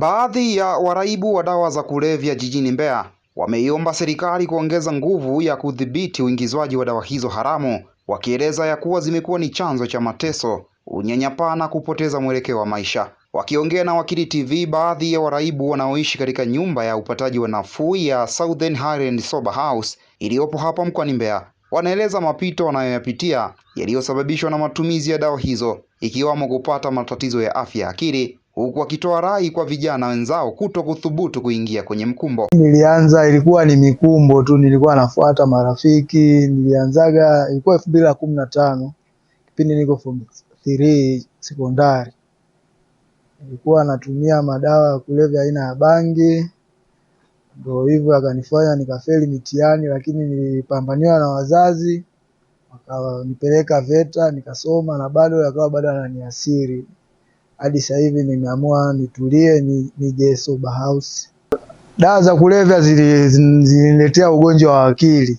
Baadhi ya waraibu wa dawa za kulevya jijini Mbeya wameiomba serikali kuongeza nguvu ya kudhibiti uingizwaji wa dawa hizo haramu, wakieleza ya kuwa zimekuwa ni chanzo cha mateso, unyanyapaa na kupoteza mwelekeo wa maisha. Wakiongea na Wakili TV, baadhi ya waraibu wanaoishi katika nyumba ya upataji wa nafuu ya Southern Highland Sober House iliyopo hapa mkoani Mbeya wanaeleza mapito wanayoyapitia yaliyosababishwa na matumizi ya dawa hizo, ikiwamo kupata matatizo ya afya ya akili, huku akitoa rai kwa vijana wenzao kuto kuthubutu kuingia kwenye mkumbo. Nilianza ilikuwa ni mikumbo tu, nilikuwa nafuata marafiki. Nilianzaga ilikuwa elfu mbili na kumi na tano kipindi niko form 3 sekondari, nilikuwa natumia madawa ya kulevya aina ya bangi, ndio hivyo akanifanya nikafeli mitihani, lakini nilipambaniwa na wazazi wakanipeleka VETA nikasoma, na bado yakawa bado ananiasiri hadi sasa hivi nimeamua nitulie, nije sober house. Dawa za kulevya ziliniletea ugonjwa wa akili,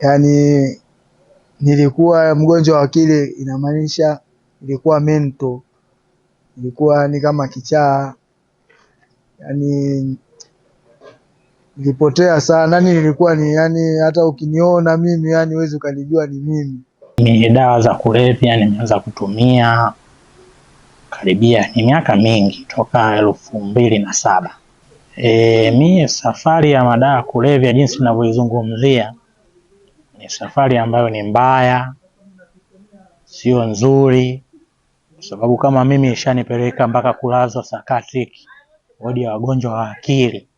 yaani nilikuwa mgonjwa wa akili, inamaanisha nilikuwa mento, nilikuwa ni kama kichaa, yaani nilipotea sana, nani nilikuwa ni yani, hata ukiniona mimi yani huwezi ukanijua ni mimi. mi dawa za kulevya nimeanza kutumia karibia ni miaka mingi toka elfu mbili na saba. E, mi safari ya madawa kulevya jinsi ninavyoizungumzia ni safari ambayo ni mbaya, sio nzuri, kwa sababu kama mimi ishanipeleka mpaka kulazwa psychiatric wodi ya wagonjwa wa akili,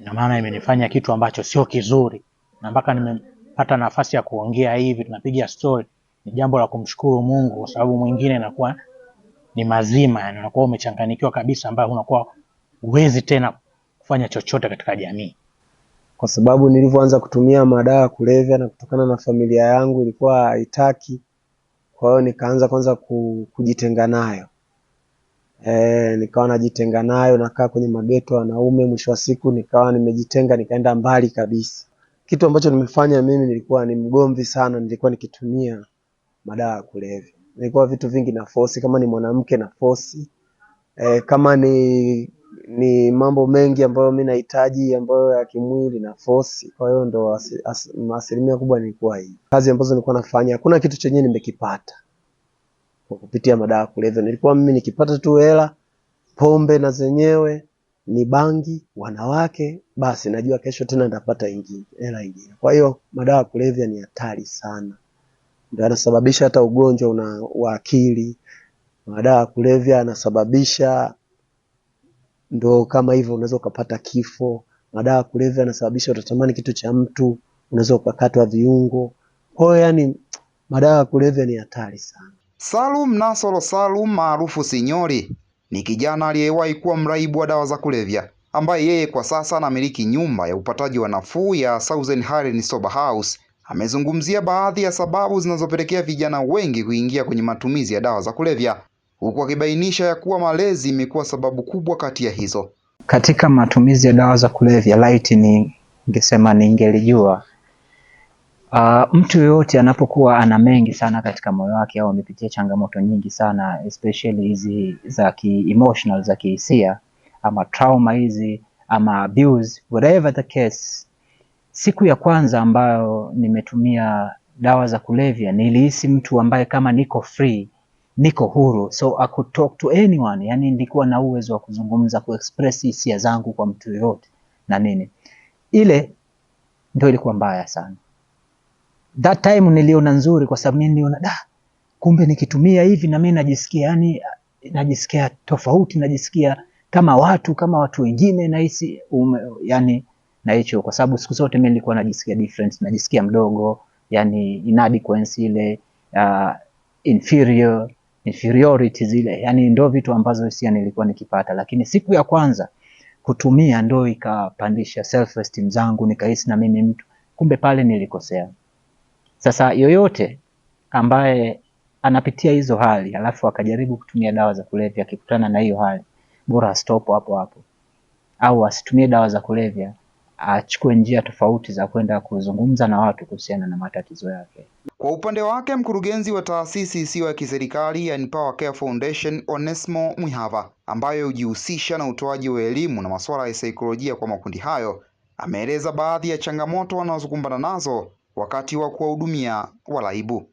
ina maana imenifanya kitu ambacho sio kizuri, na mpaka nimepata nafasi ya kuongea hivi, tunapiga stori, ni jambo la kumshukuru Mungu, kwa sababu mwingine inakuwa ni mazima, yani unakuwa umechanganyikiwa kabisa, ambayo unakuwa huwezi tena kufanya chochote katika jamii. Kwa sababu nilivyoanza kutumia madawa ya kulevya na kutokana na familia yangu ilikuwa haitaki, kwa hiyo nikaanza kwanza kujitenga nayo e, nikawa najitenga nayo, nakaa kwenye mageto wanaume. Mwisho wa siku nikawa nimejitenga, nikaenda mbali kabisa. Kitu ambacho nimefanya mimi, nilikuwa ni mgomvi sana, nilikuwa nikitumia madawa ya kulevya nilikuwa vitu vingi na force, kama ni mwanamke na force e, kama ni ni mambo mengi ambayo mi nahitaji ambayo ya kimwili na force. Kwa hiyo ndo asilimia kubwa nilikuwa hii. Kazi ambazo nilikuwa nafanya hakuna kitu chenyewe nimekipata kwa kupitia madawa ya kulevya. Nilikuwa mimi nikipata tu hela, pombe na zenyewe ni bangi, wanawake, basi najua kesho tena ndapata ingine hela ingine. Kwa hiyo madawa kulevya ni hatari sana ndio anasababisha hata ugonjwa una wa akili. Madawa ya kulevya anasababisha ndo kama hivyo, unaweza ukapata kifo. Madawa ya kulevya anasababisha utatamani kitu cha mtu, unaweza ukakatwa viungo. Kwa hiyo yani madawa ya kulevya ni hatari sana. Salum Nasoro Salum maarufu Sinyori ni kijana aliyewahi kuwa mraibu wa dawa za kulevya ambaye yeye kwa sasa anamiliki nyumba ya upataji wa nafuu ya Southern Highlands Sober House amezungumzia baadhi ya sababu zinazopelekea vijana wengi kuingia kwenye matumizi ya dawa za kulevya, huku akibainisha ya kuwa malezi imekuwa sababu kubwa kati ya hizo. Katika matumizi ya dawa za kulevya, laiti ningesema ningelijua Uh, mtu yoyote anapokuwa ana mengi sana katika moyo wake au amepitia changamoto nyingi sana especially hizi za ki emotional za kihisia ama trauma hizi ama abuse whatever the case Siku ya kwanza ambayo nimetumia dawa za kulevya nilihisi mtu ambaye kama niko free, niko huru, so I could talk to anyone, yani nilikuwa na uwezo wa kuzungumza, express hisia zangu kwa mtu yoyote na nini. Ile ndio ilikuwa mbaya sana. That time niliona nzuri, kwa sababu mimi niliona da, kumbe nikitumia hivi na mimi najisikia, yani najisikia tofauti, najisikia kama watu kama watu wengine, nahisi yani na hicho, kwa sababu siku zote mimi nilikuwa najisikia different, najisikia mdogo, yani inadequency ile uh, inferior inferiority zile, yani ndo vitu ambazo hisia nilikuwa nikipata, lakini siku ya kwanza kutumia ndo ikapandisha self esteem zangu, nikahisi na mimi mtu, kumbe pale nilikosea. Sasa yoyote ambaye anapitia hizo hali alafu akajaribu kutumia dawa za kulevya, akikutana na hiyo hali, bora astop hapo hapo, au asitumie dawa za kulevya achukue njia tofauti za kwenda kuzungumza na watu kuhusiana na matatizo yake. Kwa upande wake, mkurugenzi wa taasisi isiyo ya kiserikali ya Empower Care Foundation, Onesmo Mwihava, ambayo hujihusisha na utoaji wa elimu na masuala ya saikolojia kwa makundi hayo, ameeleza baadhi ya changamoto wanazokumbana nazo wakati wa kuwahudumia waraibu.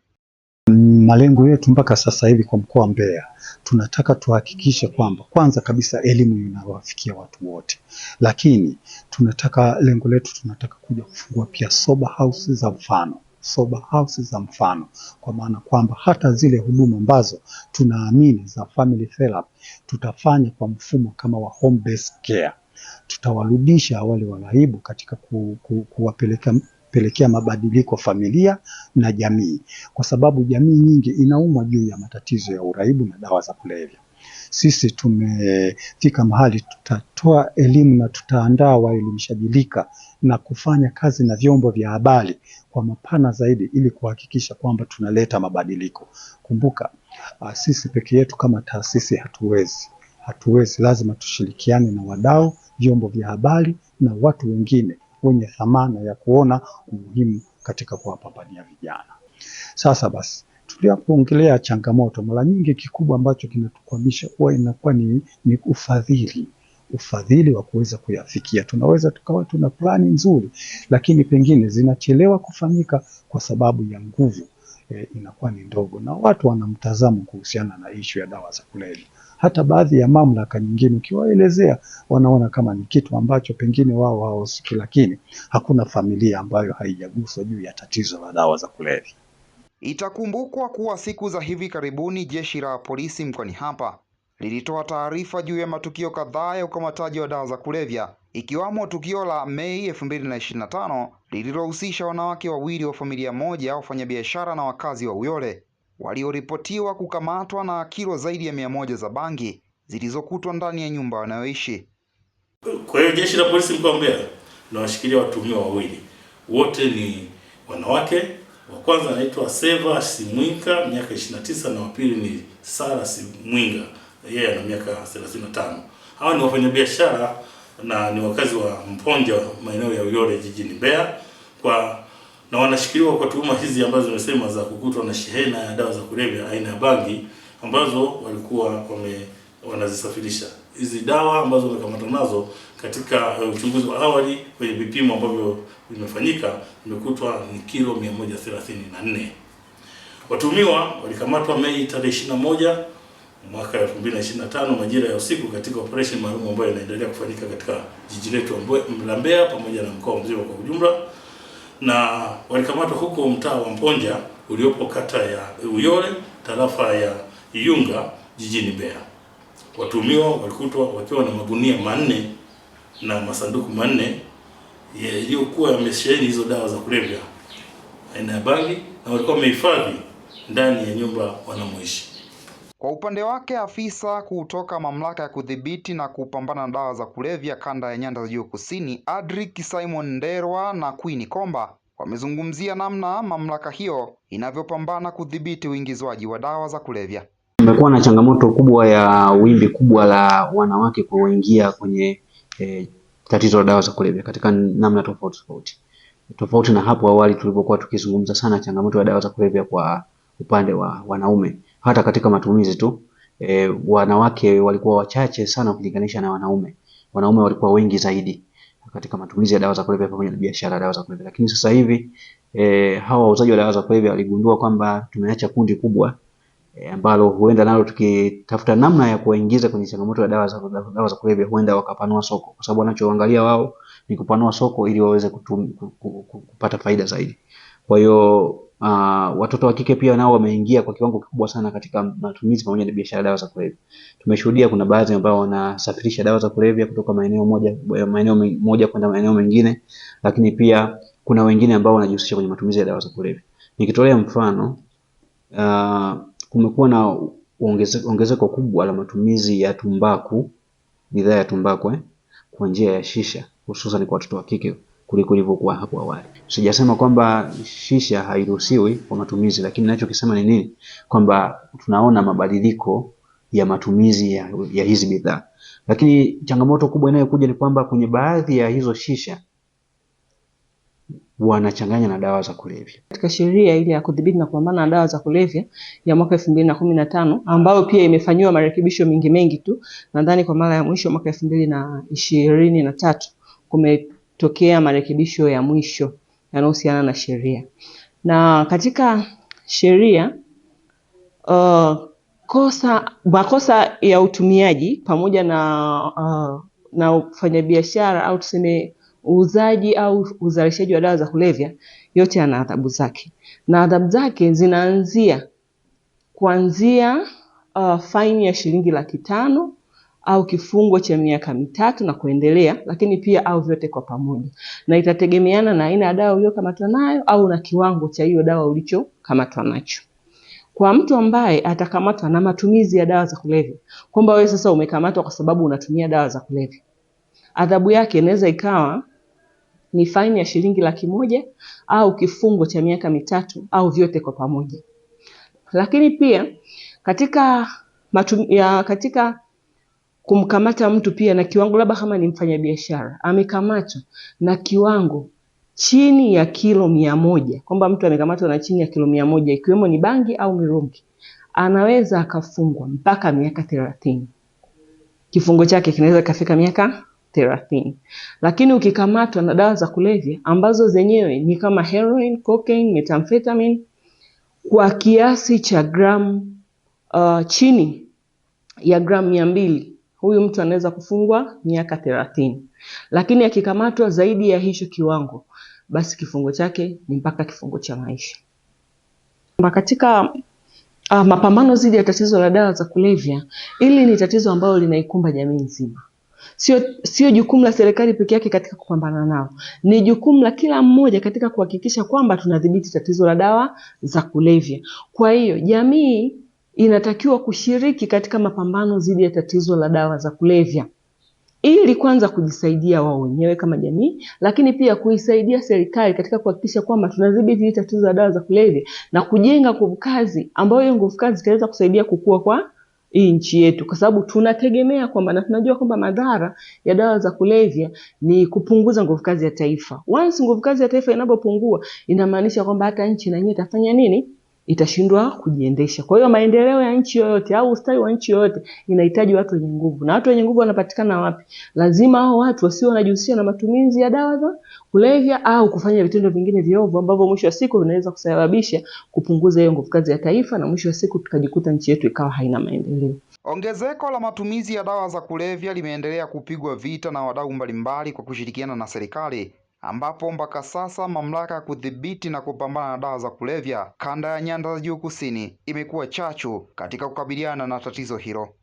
Malengo yetu mpaka sasa hivi kwa mkoa wa Mbeya, tunataka tuhakikishe kwamba kwanza kabisa elimu inawafikia watu wote, lakini tunataka lengo letu, tunataka kuja kufungua pia soba house za mfano, soba house za mfano, kwa maana kwamba hata zile huduma ambazo tunaamini za family therapy tutafanya kwa mfumo kama wa home based care, tutawarudisha wale waraibu katika ku, ku, kuwapeleka kupelekea mabadiliko familia na jamii, kwa sababu jamii nyingi inaumwa juu ya matatizo ya uraibu na dawa za kulevya. Sisi tumefika mahali tutatoa elimu na tutaandaa waelimishajilika na kufanya kazi na vyombo vya habari kwa mapana zaidi, ili kuhakikisha kwamba tunaleta mabadiliko. Kumbuka ah, sisi peke yetu kama taasisi hatuwezi, hatuwezi. Lazima tushirikiane na wadau, vyombo vya habari na watu wengine wenye thamana ya kuona umuhimu katika kuwapambania vijana. Sasa basi, tulipoongelea changamoto, mara nyingi kikubwa ambacho kinatukwamisha huwa inakuwa ni, ni ufadhili ufadhili wa kuweza kuyafikia. Tunaweza tukawa tuna plani nzuri, lakini pengine zinachelewa kufanyika kwa sababu ya nguvu e, inakuwa ni ndogo, na watu wana mtazamo kuhusiana na ishu ya dawa za kulevya hata baadhi ya mamlaka nyingine, ukiwaelezea wanaona kama ni kitu ambacho pengine wao hawahusiki, lakini hakuna familia ambayo haijaguswa juu ya tatizo la dawa za kulevya. Itakumbukwa kuwa siku za hivi karibuni jeshi la polisi mkoani hapa lilitoa taarifa juu ya matukio kadhaa ya ukamataji wa dawa za kulevya ikiwamo tukio la Mei 2025 lililohusisha wanawake wawili wa familia moja wafanyabiashara na wakazi wa Uyole walioripotiwa kukamatwa na kilo zaidi ya mia moja za bangi zilizokutwa ndani ya nyumba wanayoishi. Kwa hiyo jeshi la polisi mkoa wa Mbeya linawashikilia watuhumiwa wawili, wote ni wanawake. Wa kwanza anaitwa Seva Simwinga miaka 29 na wa pili ni Sara Simwinga yeye yeah, ana miaka 35. Hawa ni wafanyabiashara na ni wakazi wa Mponja maeneo ya Uyole jijini Mbeya kwa na wanashikiliwa kwa tuhuma hizi ambazo zimesema za kukutwa na shehena ya dawa za kulevya aina ya bangi ambazo walikuwa wame wanazisafirisha. Hizi dawa ambazo wamekamata nazo katika eh, uchunguzi wa awali kwenye vipimo ambavyo vimefanyika imekutwa ni kilo 134. Watuhumiwa walikamatwa Mei tarehe 21 mwaka 2025 majira ya usiku katika operation maalum ambayo inaendelea kufanyika katika jiji letu la Mbeya pamoja na mkoa mzima kwa ujumla na walikamatwa huko mtaa wa Mponja uliopo kata ya Uyole tarafa ya Iyunga jijini Mbeya. Watuhumiwa walikutwa wakiwa na magunia manne na masanduku manne yaliyokuwa yamesheheni hizo dawa za kulevya aina ya bangi na walikuwa wamehifadhi ndani ya nyumba wanamoishi. Kwa upande wake, afisa kutoka mamlaka ya kudhibiti na kupambana na dawa za kulevya kanda ya Nyanda za Juu Kusini, Adrick Simon Nderwa na Queen Komba wamezungumzia namna mamlaka hiyo inavyopambana kudhibiti uingizwaji wa dawa za kulevya. Kumekuwa na changamoto kubwa ya wimbi kubwa la wanawake kuingia kwenye eh, tatizo la dawa za kulevya katika namna tofauti tofauti tofauti na hapo awali tulipokuwa tukizungumza sana changamoto ya dawa za kulevya kwa upande wa wanaume hata katika matumizi tu e, wanawake walikuwa wachache sana ukilinganisha na wanaume. Wanaume walikuwa wengi zaidi katika matumizi ya dawa za kulevya pamoja na biashara ya dawa za kulevya. Lakini sasa hivi e, hawa wauzaji wa dawa za kulevya waligundua kwamba tumeacha kundi kubwa e, ambalo huenda nalo tukitafuta namna ya kuwaingiza kwenye changamoto ya dawa za, dawa za kulevya huenda wakapanua soko, kwa sababu wanachoangalia wao ni kupanua soko ili waweze kutum, kupata faida zaidi. Kwa hiyo Uh, watoto wa kike pia nao wameingia kwa kiwango kikubwa sana katika matumizi pamoja na biashara dawa za kulevya. Tumeshuhudia kuna baadhi ambao wanasafirisha dawa za kulevya kutoka maeneo moja maeneo moja kwenda maeneo mengine, lakini pia kuna wengine ambao wanajihusisha kwenye matumizi ya dawa za kulevya. Nikitolea mfano uh, kumekuwa na ongezeko kubwa la matumizi ya tumbaku, bidhaa ya tumbaku eh, kwa njia ya shisha hususan kwa watoto wa kike kuliko ilivyokuwa hapo awali. Sijasema kwamba shisha hairuhusiwi kwa matumizi, lakini ninachokisema ni nini? Kwamba tunaona mabadiliko ya matumizi ya, ya hizi bidhaa, lakini changamoto kubwa inayokuja ni kwamba kwenye baadhi ya hizo shisha wanachanganya na dawa za kulevya. Katika sheria ile ya kudhibiti na kupambana na dawa za kulevya ya mwaka elfu mbili na kumi na tano ambayo pia imefanyiwa marekebisho mengi mengi tu, nadhani kwa mara ya mwisho mwaka elfu mbili na ishirini na tatu kume tokea marekebisho ya mwisho yanayohusiana na sheria. Na katika sheria uh, kosa makosa ya utumiaji pamoja na uh, na ufanyabiashara au tuseme uuzaji au uzalishaji wa dawa za kulevya yote yana adhabu zake, na adhabu zake zinaanzia kuanzia uh, faini ya shilingi laki tano au kifungo cha miaka mitatu na kuendelea, lakini pia au vyote kwa pamoja, na itategemeana na aina ya dawa uliyokamatwa nayo au na kiwango cha hiyo dawa ulichokamatwa nacho. Kwa mtu ambaye atakamatwa na matumizi ya dawa za kulevya, kwamba wewe sasa umekamatwa kwa sababu unatumia dawa za kulevya, adhabu yake inaweza ikawa ni faini ya shilingi laki moja au kifungo cha miaka mitatu au vyote kwa pamoja. Lakini pia katika, matum, ya, katika kumkamata mtu pia na kiwango, labda kama ni mfanyabiashara amekamatwa na kiwango chini ya kilo mia moja kwamba mtu amekamatwa na chini ya kilo mia moja ikiwemo ni bangi au mirungi, anaweza akafungwa mpaka miaka thelathini. Kifungo chake kinaweza kafika miaka thelathini. Lakini ukikamatwa na dawa za kulevya ambazo zenyewe ni kama heroin, cocaine, methamphetamine kwa kiasi cha gramu uh, chini ya gramu mia mbili huyu mtu anaweza kufungwa miaka thelathini, lakini akikamatwa zaidi ya hicho kiwango, basi kifungo chake ni mpaka kifungo cha maisha. Katika uh, mapambano dhidi ya tatizo la dawa za kulevya, hili ni tatizo ambalo linaikumba jamii nzima. Sio, sio jukumu la serikali peke yake katika kupambana nao, ni jukumu la kila mmoja katika kuhakikisha kwamba tunadhibiti tatizo la dawa za kulevya. Kwa hiyo jamii inatakiwa kushiriki katika mapambano dhidi ya tatizo la dawa za kulevya ili kwanza kujisaidia wao wenyewe kama jamii, lakini pia kuisaidia serikali katika kuhakikisha kwamba tunadhibiti hili tatizo la dawa za kulevya na kujenga nguvu kazi, ambayo hiyo nguvu kazi itaweza kusaidia kukua kwa hii nchi yetu, kwa sababu tunategemea kwamba na tunajua kwamba madhara ya dawa za kulevya ni kupunguza nguvu kazi ya taifa. Once nguvu kazi ya taifa inapopungua, inamaanisha kwamba hata nchi na yenyewe itafanya nini? itashindwa kujiendesha. Kwa hiyo maendeleo ya nchi yoyote au ustawi wa nchi yoyote inahitaji watu wenye nguvu, na watu wenye nguvu wanapatikana wapi? Lazima hao watu wasio wanajihusisha na matumizi ya dawa za kulevya au kufanya vitendo vingine viovu ambavyo mwisho wa siku vinaweza kusababisha kupunguza hiyo nguvu kazi ya taifa, na mwisho wa siku tukajikuta nchi yetu ikawa haina maendeleo. Ongezeko la matumizi ya dawa za kulevya limeendelea kupigwa vita na wadau mbalimbali kwa kushirikiana na serikali ambapo mpaka sasa mamlaka ya kudhibiti na kupambana na dawa za kulevya kanda ya Nyanda za Juu Kusini imekuwa chachu katika kukabiliana na tatizo hilo.